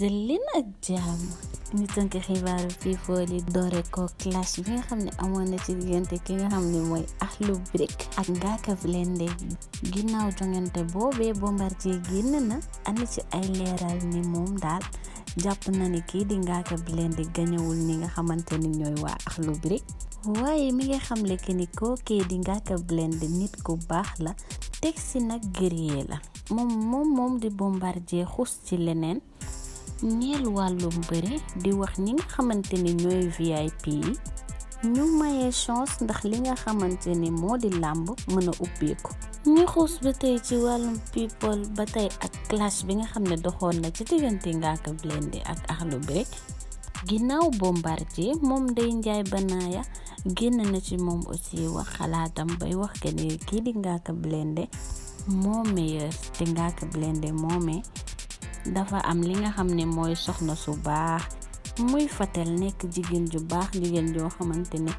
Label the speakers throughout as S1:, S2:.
S1: jël li ak jàmm ñu tënk xibaaru people yi doore ko clash bi nga xam ne amoon na ci diggante ki nga xam ne mooy Akhlou Brick ak Ngaaka Blindé ginnaaw jongante boobee Bombardier génn na andi ci ay leeral ni moom daal jàpp na ni kii di Ngaaka Blindé gañewul ñi nga xamante ni ñooy waa Akhlou Brick waaye mi nga xamle que ni kookee di Ngaaka Blindé nit ku baax la teg ci nag guerrier la moom moom moom di Bombardier xus ci leneen ñeel wàllum bëre di wax ñi nga xamante ni ñooy VIP yi ñu mayee chance ndax li nga xamante ni moo di làmb mën a ubbeeku ñu ba tey ci wàllum people ba tey ak clash bi nga xam ne doxoon na ci diggante Ngaaka Blindé ak Akhlou ginnaaw Bombardier moom njaay Ndiaye Banaya génn na ci moom aussi wax xalaatam bay wax que ne kii di Ngaaka Blindé moo meilleur te Ngaaka Blindé moomee dafa am li nga xam ne mooy soxna su baax muy fatel nekk jigéen ju baax jigéen joo xamante ne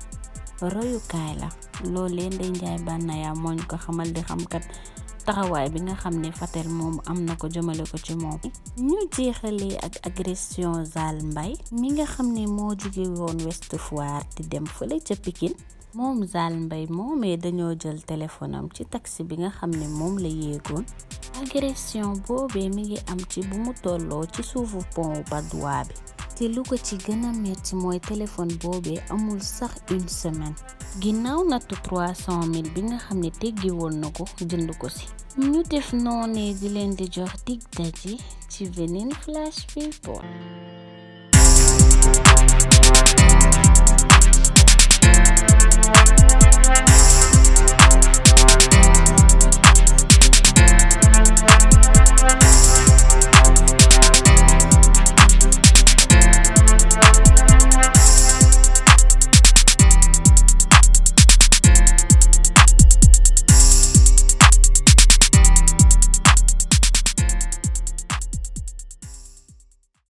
S1: royukaay la loolee Ndeye Ndiaye Banaya mooñ ko xamal di xamkat taxawaay bi nga xam ne fatel moom am na ko jëmale ko ci moom ñu jeexalee ak agression Zal mbay mi nga xam ne moo jóge woon West Foire di dem fële ca Pikine moom Zale Mbaye moomee dañoo jël telefonam ci taxi bi nga xam ne moom la yéegoon agression boobee mi ngi am ci bumu tolloo ci suufu ba Padois bi te luko ci gëna a metti mooy telefon boobee amul sax une semaine ginnaaw nattu 300000 bi nga xam ne teggi woon na ko jënd ko si ñu def noonee di leen di jox dig daje ci beneen flash people